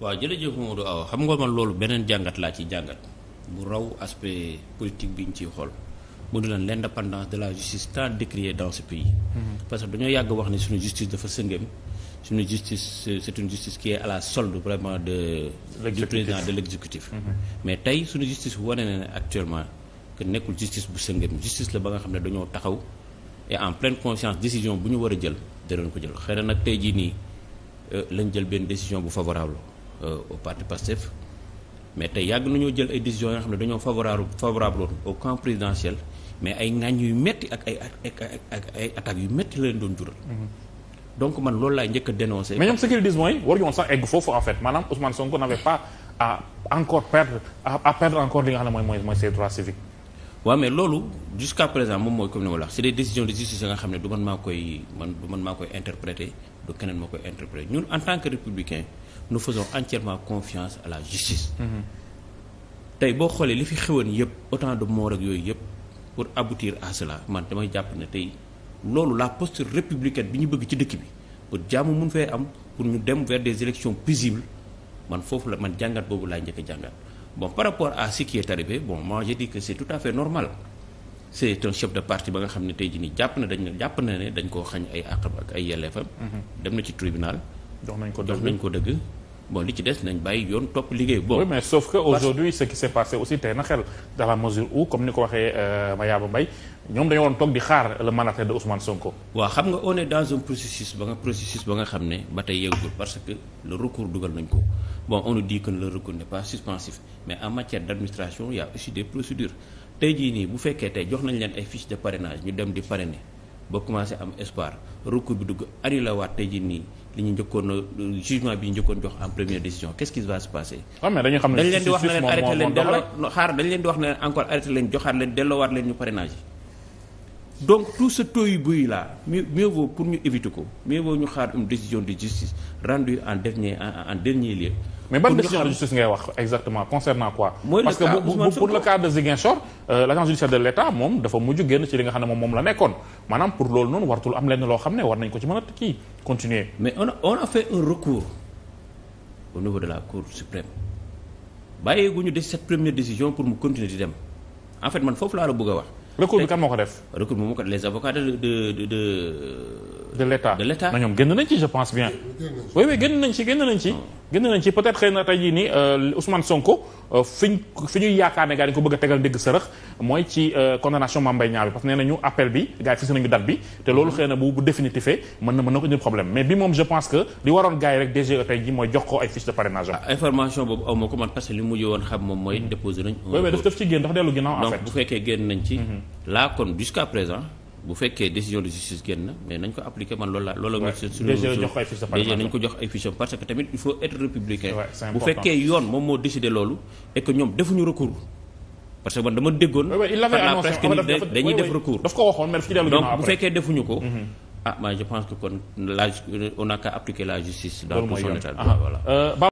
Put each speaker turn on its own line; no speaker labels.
waaw jërëjëf Mamadou Awa xam nga man loolu beneen jàngat laa ci jàngat bu raw aspect politique bi ñu ciy xool mu di lan l'indépendance de la justice tant décriée dans ce pays. Mhm. parce que dañoo yàgg wax ne suñu justice dafa sëngëm suñu justice c'est une justice qui est à la solde vraiment de. du président de l'exécutif. Mhm. mais tey suñu justice wane na ne actuellement que nekkul justice bu sëngëm justice la ba nga xam ne dañoo taxaw et en pleine conscience décision bu ñu war jël danañ ko jël xëy na nag tey jii nii euh, lañ jël benn décision bu favorable. Euh, au parti Pastef mais tey yàgg nañoo jël ay décisions yoo xam ne dañoo favorable favorable au camp présidentiel mais ay ŋàññ yu metti ak ak ay attaques yu la doon jural. Mm-hmm. donc loolu laay njëkk a dénoncé. foofu en fait maanaam Ousmane Sonko n'avait pas à encore perdre à perdre encore li nga xam ne ma la wax c'est des du man maa koy man du keneen moo koy interpréter ñun en tant que républicain. nous faisons entièrement confiance à la justice. Mhm. tey boo xoolee li fi xewoon yëpp autant de moo ak yooyu yëpp pour aboutir à cela man damay jàpp ne tey loolu la posture républicaine bi ñu bëgg ci dëkk bi pour jàmm mun fee am pour ñu dem vers des élections paisibles man foofu la man jàngat boobu laay njëkk jàngat bon par rapport à ce qui est arrivé bon moi je que c'est tout à fait normal c'est un chef de parti ba nga xam ne tey jii nii jàpp na dañ jàpp na ne koo xañ ay àqam ak bon li ci des nañ bàyyi yoon topp liggéey bon oui mais sauf que aujourd'hui ce qui s'est passé aussi tey na xel dans la mesure où comme ni ko waxee euh, Mayaba Mbaye ñoom dañoo woon toog di xaar le mandataire de Ousmane Sonko. waaw que le recours dugal nañ ko bon on nous dit que le recours n'est suspensif mais en matière d'administration il y a aussi des procédures tey jii nii bu fekkee tey jox nañ leen ay fiches de parrainage ñu dem di parrainer. ba commencé am espoir recours bi dugg ari la waat li ñu njëkkoon jugement bi ñu njëkkoon jox en première décision qu'est-ce qui va se passer. waaw mais dañu xam ne dañ leen di wax ne leen arrêté leen delloo xaar dañ leen di wax ne leen encore arrêté leen joxaat leen delloowaat leen ñu parrainage yi donc tout ce tohu-bohu là mieux mieux pour ñu éviter ko mieux vaut ñu xaar une décision de justice rendue en dernier en, en dernier lieu. mais ban décision ngay wax exactement concernant quoi. mooy parce que bu pour le cas de Ziguinchor. Euh, l'agence judiciaire de l'État moom dafa mujj génn ci li nga xam ne moom moom la nekkoon maanaam pour loolu noonu wartul am lenn loo xam ne war nañ ko ci mën a kii continuer. mais on a on a fait un recours au niveau de la Cour suprême bàyyeeguñu de décision pour mu continuer di dem en foofu laa la wax. recours bi kan moo ko def. recours bi moo ko les avocats de de de de. de l' de l' état ñoom génn nañ ci je pense bien. oui oui génn nañ ci génn nañ ci. génn nañ ci peut-être xëy na tey nii euh, Ousmane Sonko euh, fiñ fi ñuy yaakaar ne gars yi dañ ko bëgg a tegal dégg sërëx mooy ci euh, condamnation Mame Mbaye Niang bi parce que nee nañu appel bi gars yi fixé nañu date bi te loolu xëy na bu bu définitifé mën na mën na ko indil problème mais bi moom je pense que li waroon gars yi rek DGE tey jii mooy jox ko ay fiche de parrainage ah, information boobu aw ma ko man parce que li mujj woon xam moom mooy déposé nañ donc mhm. bu bu fekkee décision de justice génn na mais nañ ko appliquer man loolu la loolu la suñu DG nañ ko jox ay parce que tamit il faut être républicain bu fekkee yoon moom moo décidé loolu et ñoom defuñu recours parce que man dama déggoon la presque ni dañuy def recours daf ko waxoon mais daf mhm. ah, pense que kon la euh, on n'a appliquer la justice dans tout son état